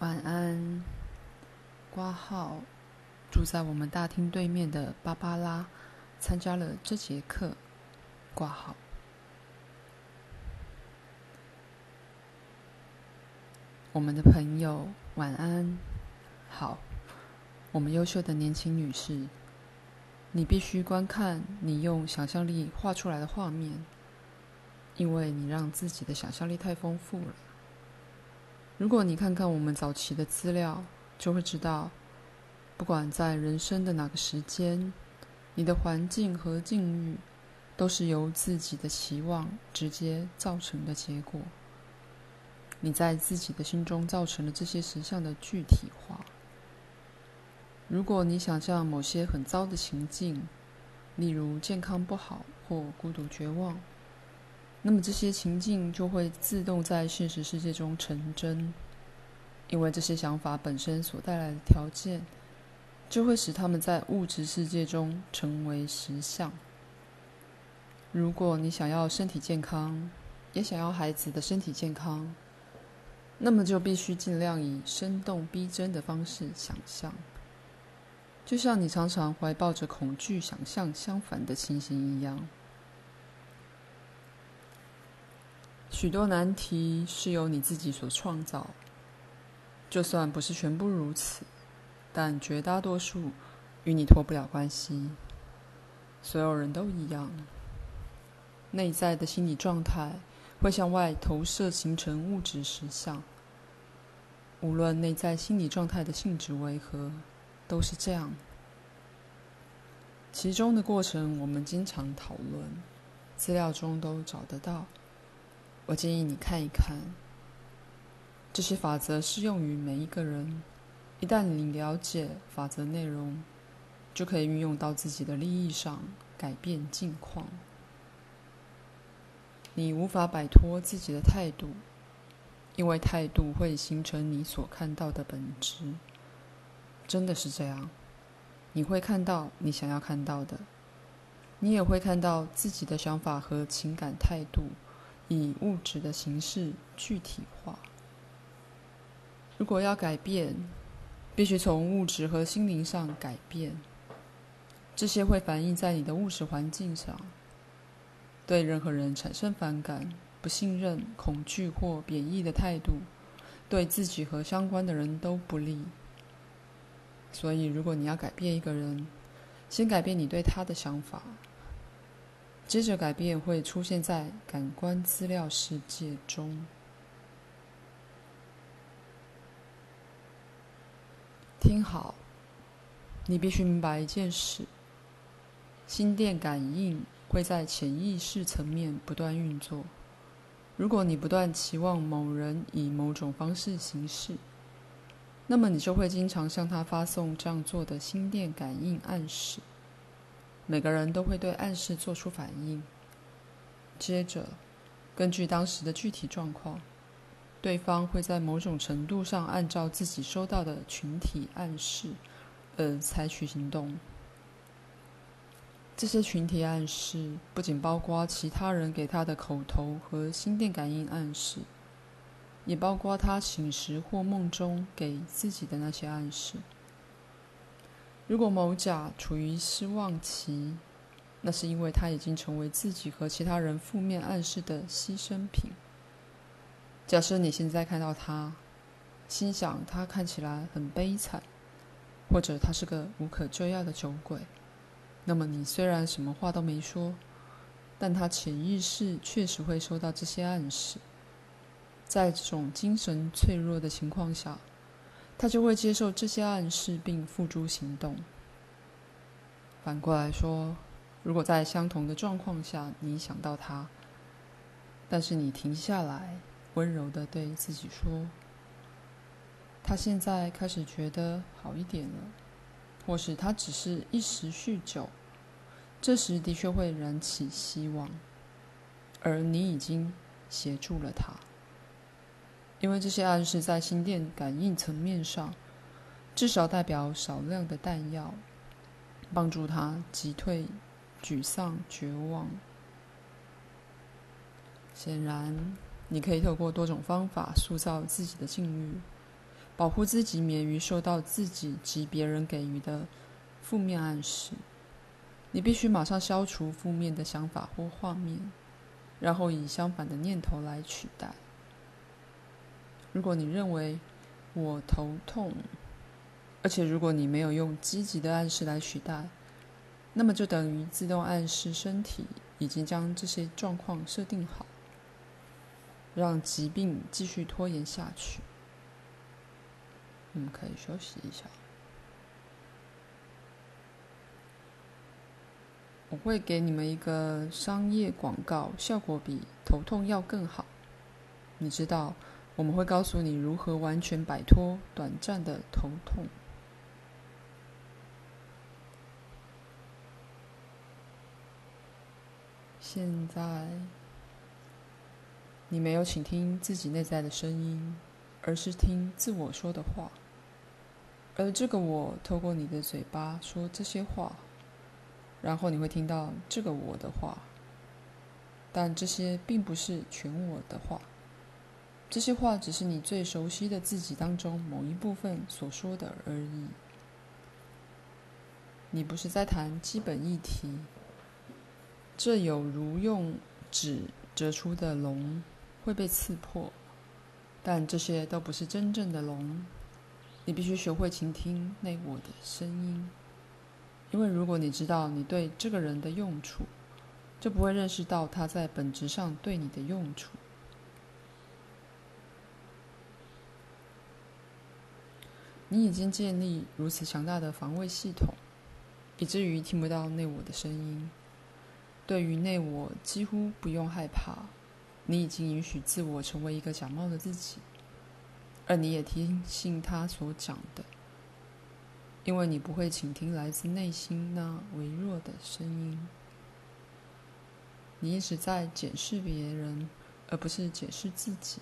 晚安。括號。住在我們大廳對面的芭芭拉參加了這節課。括號。我們的朋友，晚安。好。我們優秀的年輕女士，你必須觀看你用想象力畫出來的畫面，因為你讓自己的想象力太豐富了。如果你看看我們早期的資料，就會知道，不管在人生的哪個時間，你的環境和境遇，都是由自己的期望直接造成的結果。你在自己的心中造成了這些實相的具體化。如果你想象某些很糟的情境，例如健康不好或孤獨絕望，那麼這些情境就會自動在現實世界中成真，因為這些想法本身所帶來的條件，就會使他們在物質世界中成為實相。如果你想要身體健康，也想要孩子的身體健康，那麼就必須盡量以生動逼真的方式想象，就像你常常懷抱着恐懼想象相反的情形一樣。許多難題是由你自己所創造，就算不是全部如此，但絕大多數與你脫不了關係。所有人都一樣，內在的心理狀態會向外投射，形成物質實相。無論內在心理狀態的性質為何，都是這樣。其中的過程，我們經常討論，資料中都找得到。我建議你看一看。這些法則適用於每一個人。一旦你了解法則內容，就可以運用到自己的利益上，改變境況。你無法擺脫自己的態度，因為態度會形成你所看到的本質。真的是這樣，你會看到你想要看到的，你也會看到自己的想法和情感態度。以物質的形式具體化。如果要改變，必須從物質和心靈上改變。這些會反映在你的物質環境上。對任何人產生反感、不信任、恐懼或貶義的態度，對自己和相關的人都不利。所以，如果你要改變一個人，先改變你對他的想法。接着改變會出現在感官資料世界中。聽好，你必須明白一件事：心電感應會在潛意識層面不斷運作。如果你不斷期望某人以某種方式行事，那麼你就會經常向他發送這樣做的心電感應暗示。每個人都會對暗示做出反應。接着，根據當時的具體狀況，對方會在某種程度上按照自己收到的群體暗示而採取行動。這些群體暗示不僅包括其他人給他的口頭和心電感應暗示，也包括他醒時或夢中給自己的那些暗示。如果某甲處於失望期，那是因為他已經成為自己和其他人負面暗示的犧牲品。假設你現在看到他，心想他看起來很悲慘，或者他是個無可救藥的酒鬼，那麼你雖然什麼話都沒說，但他潛意識確實會收到這些暗示。在這種精神脆弱的情況下，他就會接受這些暗示並付諸行動。反過來說，如果在相同的狀況下你想到他，但是你停下來，溫柔地對自己說：“他現在開始覺得好一點了，或是他只是一時酗酒”，這時的確會燃起希望，而你已經協助了他。因為這些暗示在心電感應層面上，至少代表少量的彈藥，幫助他擊退沮喪、絕望。顯然，你可以透過多種方法塑造自己的境遇，保護自己免於受到自己及別人給予的負面暗示。你必須馬上消除負面的想法或畫面，然後以相反的念頭來取代。如果你認為我頭痛，而且如果你沒有用積極的暗示來取代，那麼就等於自動暗示身體已經將這些狀況設定好，讓疾病繼續拖延下去。你們可以休息一下，我會給你們一個商業廣告，效果比頭痛要更好。你知道？我們會告訴你如何完全擺脫短暫的疼痛。現在，你沒有傾聽自己內在的聲音，而是聽自我說的話。而這個我透過你的嘴巴說這些話，然後你會聽到這個我的話，但這些並不是全我的話。這些話只是你最熟悉的自己當中某一部分所說的而已。你不是在談基本議題，這有如用紙折出的龍會被刺破，但這些都不是真正的龍。你必須學會傾聽內我的聲音，因為如果你知道你對這個人的用處，就不會認識到他在本質上對你的用處。你已經建立如此強大的防衛系統，以至於聽不到內我的聲音。對於內我幾乎不用害怕。你已經允許自我成為一個假冒的自己，而你也聽信他所講的，因為你不會傾聽來自內心那微弱的聲音。你一直在解釋別人，而不是解釋自己。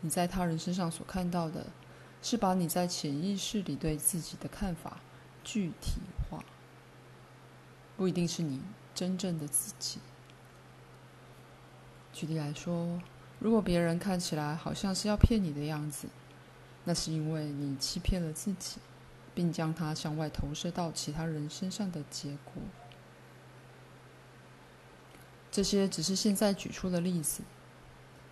你在他人身上所看到的。是把你在潛意識裡對自己的看法具體化，不一定是你真正的自己。舉例來說，如果別人看起來好像是要騙你的樣子，那是因為你欺騙了自己，並將它向外投射到其他人身上的結果。這些只是現在舉出的例子。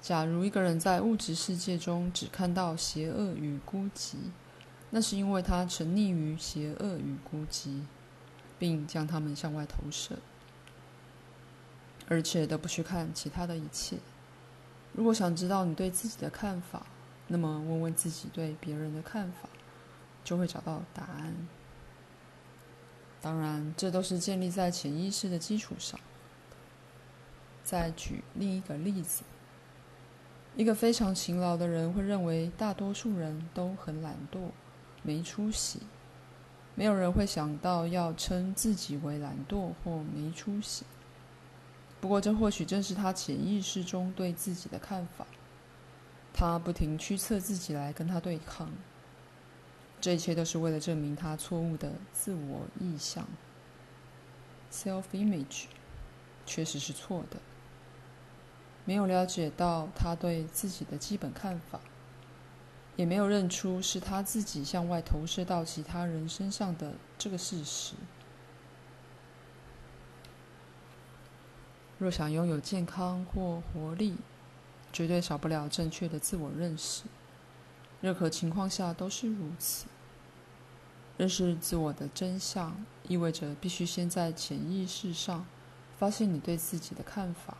假如一個人在物質世界中只看到邪惡與孤寂，那是因為他沉溺於邪惡與孤寂，並將他們向外投射，而且都不去看其他的一切。如果想知道你對自己的看法，那麼問問自己對別人的看法，就會找到答案。當然，這都是建立在潛意識的基礎上。再舉另一個例子。一個非常勤勞的人會認為大多數人都很懶惰、沒出息，沒有人會想到要稱自己為懶惰或沒出息。不過，這或許正是他潛意識中對自己的看法。他不停驅策自己來跟他對抗，這一切都是為了證明他錯誤的自我意象。self image 確實是錯的。沒有了解到他對自己的基本看法，也沒有認出是他自己向外投射到其他人身上的這個事實。若想擁有健康或活力，絕對少不了正確的自我認識，任何情況下都是如此。認識自我的真相，意味着必須先在潛意識上發現你對自己的看法。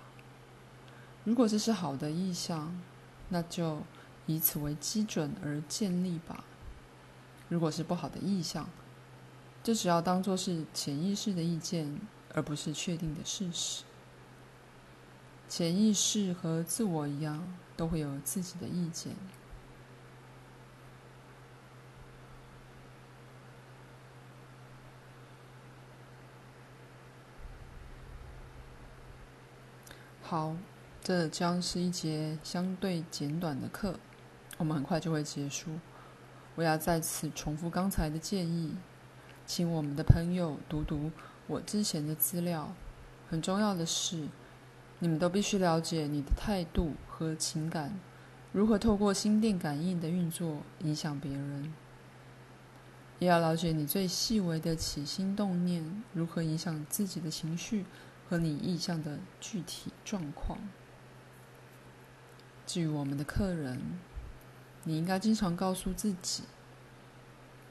如果這是好的意向，那就以此為基準而建立吧。如果是不好的意向，這只要當做是潛意識的意見，而不是確定的事實。潛意識和自我一樣，都會有自己的意見。好。這將是一節相對簡短的課，我們很快就會結束。我要再次重複剛才的建議，請我們的朋友讀讀我之前的資料。很重要的是，你們都必須了解你的態度和情感，如何透過心電感應的運作影響別人，也要了解你最細微的起心動念，如何影響自己的情緒和你意向的具體狀況。至於我們的客人，你應該經常告訴自己：“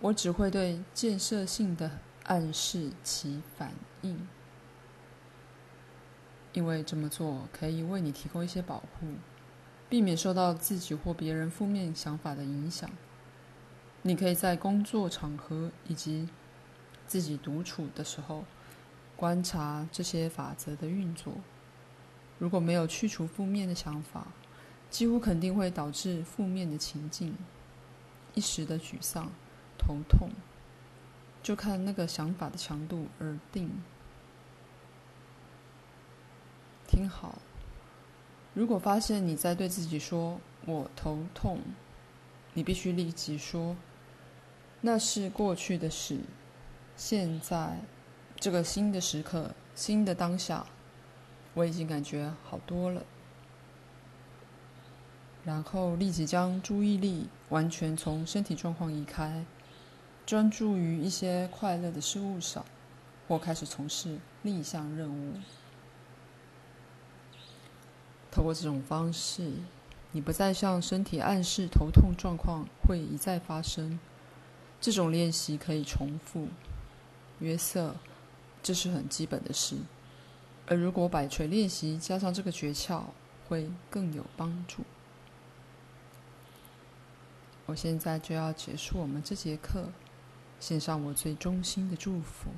我只會對建設性的暗示起反應，因為這麼做可以為你提供一些保護，避免受到自己或別人負面想法的影響。”你可以在工作場合以及自己獨處的時候觀察這些法則的運作。如果沒有去除負面的想法，幾乎肯定會導致負面的情境，一時的沮喪、頭痛，就看那個想法的強度而定。聽好，如果發現你在對自己說“我頭痛”，你必須立即說：“那是過去的事，現在這個新的時刻、新的當下，我已經感覺好多了。”然後立即將注意力完全從身體狀況移開，專注於一些快樂的事物上，或開始從事另一項任務。透過這種方式，你不再向身體暗示頭痛狀況會一再發生。這種練習可以重複。約瑟，這是很基本的事，而如果擺錘練習加上這個訣竅，會更有幫助。我現在就要結束我們這節課，獻上我最衷心的祝福。